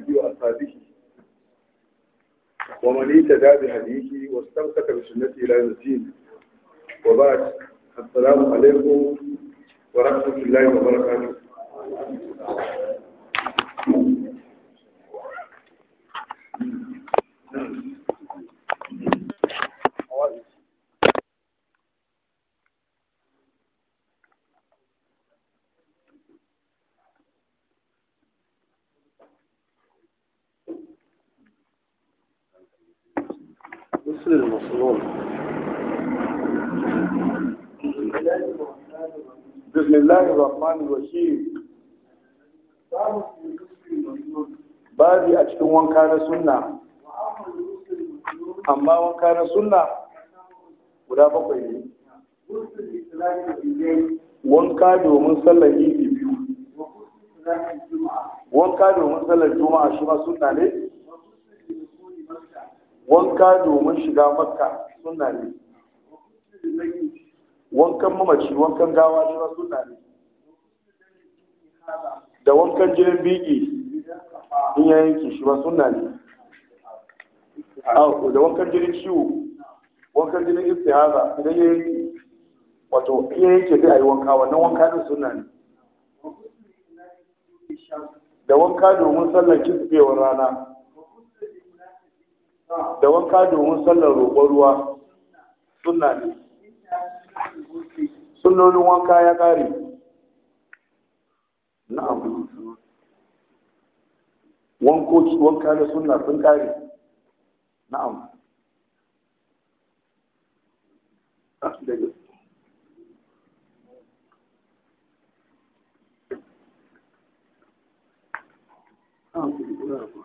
biyu a sabihi wa mani ta dabi hadisi wa stamkata bi sunnati ila yazin wa ba'd assalamu alaikum wa rahmatullahi الغسل المصنون بسم الله الرحمن الرحيم babi a cikin wanka na sunna amma wanka na sunna guda bakwai ne wanka domin sallar biyu wanka domin sallar juma'a shi ma sunna ne wanka domin shiga makka suna ne wankan mamaci wankan gawa shi suna ne da wankan jirin biki in ya yanke shi suna ne da wankan jirin ciwo wankan jirin jinin haza idan ya yanki wato in ya yanki zai a yi wanka wannan wanka din suna ne da wanka domin sallar kisbewar rana da wanka domin sallar roƙon ruwa suna ne sunnonin wanka ya ƙare abu wankoci wanka da suna sun ƙare abu Thank you.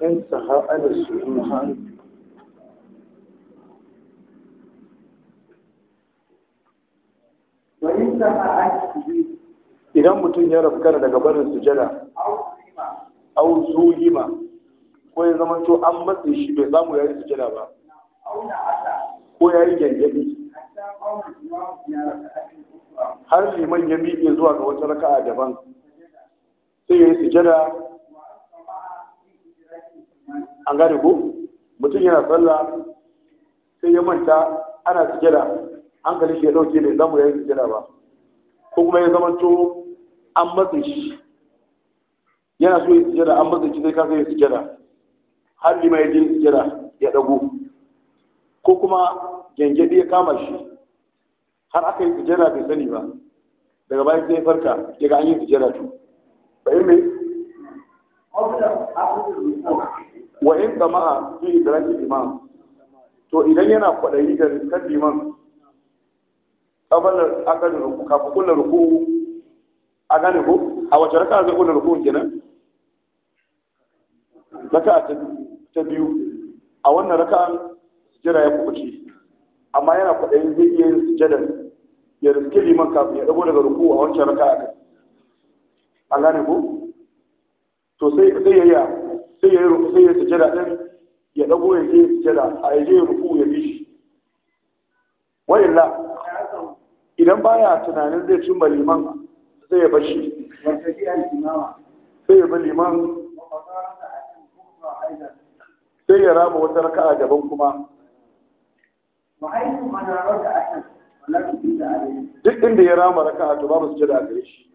وإن ana على السجود idan mutum ya rafkar daga barin sujada au zuhima ko ya zama to an matsayi shi bai samu ya yi sujada ba ko ya yi gyangyaɗi har liman ya miƙe zuwa ga wata raka'a daban sai ya yi sujada an gane ko mutum yana sallah sai ya manta ana sujada hankali shi ya dauke bai zamu yayin sujada ba ko kuma ya zama to an matsin shi yana so ya sujada an matsin shi sai ka sai ya sujada har ma ya je sujada ya dago ko kuma gengedi ya kama shi har aka yi sujada bai sani ba daga bayan sai ya farka ya ga an yi sujada to ba in me wa in jama'a fi idraki imam to idan yana kwadayi da kan liman qabala akan ruku kafin kullu ruku a gane ko a wace raka zai kullu ruku kenan raka ta biyu a wannan raka jira ya kubuce amma yana kwadayi zai iya sujjadan ya riske liman kafin ya dago daga ruku a wancan raka a gane ko to sai sai yayya sai ya yi sai ya sujada ɗin ya dago ya je sujada a yaje ya ruku ya bi shi wa illa idan baya tunanin zai cimma liman sai ya bashi sai ya bi liman sai ya raba wata raka a daban kuma duk inda ya rama raka'a to babu sujada a gare shi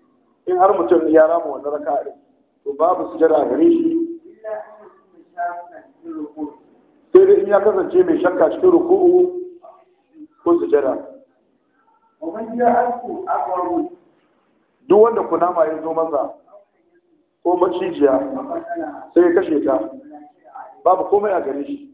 in har mutum ya rama wannan raka'a din to babu sujada a gare shi in ya kasance mai shakka cikin ruku'u ko sujada duk wanda kunama ya zo masa ko macijiya sai ya kashe ta babu komai a gare shi